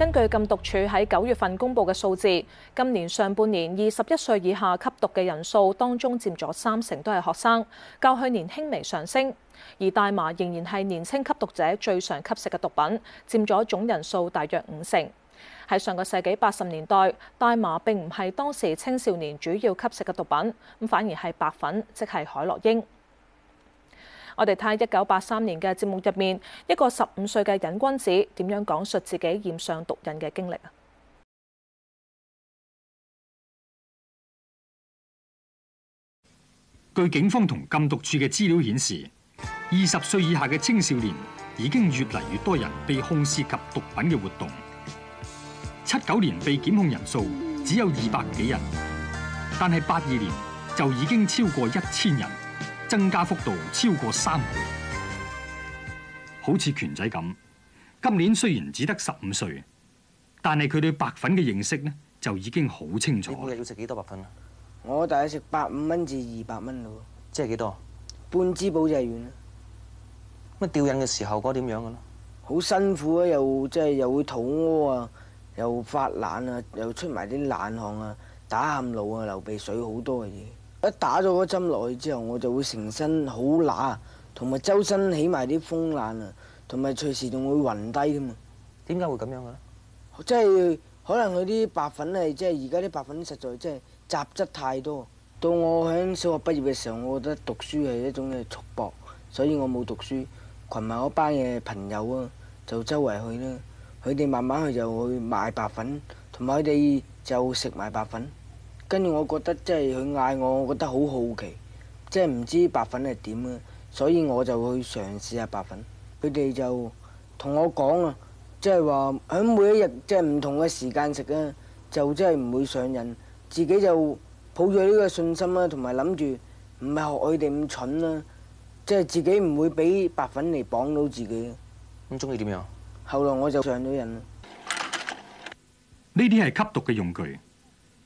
根據禁毒處喺九月份公佈嘅數字，今年上半年二十一歲以下吸毒嘅人數當中，佔咗三成都係學生，較去年輕微上升。而大麻仍然係年輕吸毒者最常吸食嘅毒品，佔咗總人數大約五成。喺上個世紀八十年代，大麻並唔係當時青少年主要吸食嘅毒品，咁反而係白粉，即係海洛英。我哋睇一九八三年嘅節目入面，一個十五歲嘅隱君子點樣講述自己染上毒癮嘅經歷啊？據警方同禁毒處嘅資料顯示，二十歲以下嘅青少年已經越嚟越多人被控涉及毒品嘅活動。七九年被檢控人數只有二百幾人，但係八二年就已經超過一千人。增加幅度超過三倍，好似拳仔咁。今年雖然只得十五歲，但係佢對白粉嘅認識呢，就已經好清楚。我哋要食幾多白粉啊？我大約食百五蚊至二百蚊咯，即係幾多？半支保濟丸啦。乜吊癮嘅時候嗰個點樣嘅咧？好辛苦、就是、啊，又即係又會肚屙啊，又發冷啊，又出埋啲冷汗啊，打喊路啊，流鼻水好多嘅嘢。一打咗嗰針落去之後，我就會成身好攣，同埋周身起埋啲風爛啊，同埋隨時仲會暈低㗎嘛。點解會咁樣嘅咧？即係可能佢啲白粉係即係而家啲白粉實在即係雜質太多。到我喺小學畢業嘅時候，我覺得讀書係一種嘅束縛，所以我冇讀書，群埋一班嘅朋友啊，就周圍去啦。佢哋慢慢去就去買白粉，同埋佢哋就食埋白粉。跟住我覺得，即係佢嗌我，我覺得好好奇，即係唔知白粉係點嘅，所以我就去嘗試下白粉。佢哋就同我講啊，即係話喺每一日即係唔同嘅時間食啊，就即係唔會上癮。自己就抱住呢個信心啦，同埋諗住唔係學佢哋咁蠢啦，即係自己唔會俾白粉嚟綁到自己。咁中意點樣？後來我就上咗癮。呢啲係吸毒嘅用具。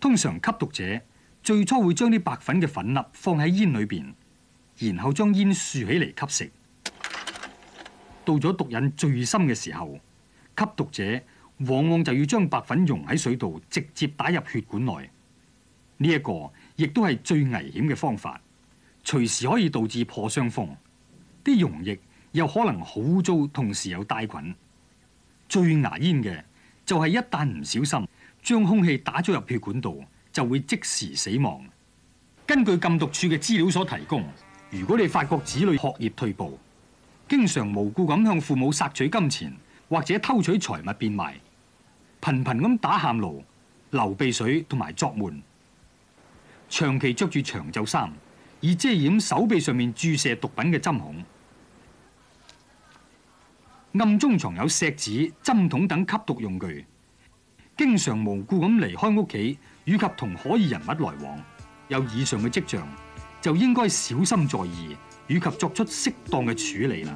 通常吸毒者最初會將啲白粉嘅粉粒放喺煙裏邊，然後將煙豎起嚟吸食。到咗毒癮最深嘅時候，吸毒者往往就要將白粉溶喺水度，直接打入血管內。呢、這、一個亦都係最危險嘅方法，隨時可以導致破傷風。啲溶液又可能好糟，同時有帶菌。最牙煙嘅就係一旦唔小心將空氣打咗入血管度，就會即時死亡。根據禁毒處嘅資料所提供，如果你發覺子女學業退步，經常無故咁向父母索取金錢，或者偷取財物變賣，頻頻咁打喊露、流鼻水同埋作悶，長期着住長袖衫以遮掩手臂上面注射毒品嘅針孔，暗中藏有錫紙、針筒等吸毒用具。經常無故咁離開屋企，以及同可疑人物來往，有以上嘅跡象，就應該小心在意，以及作出適當嘅處理啦。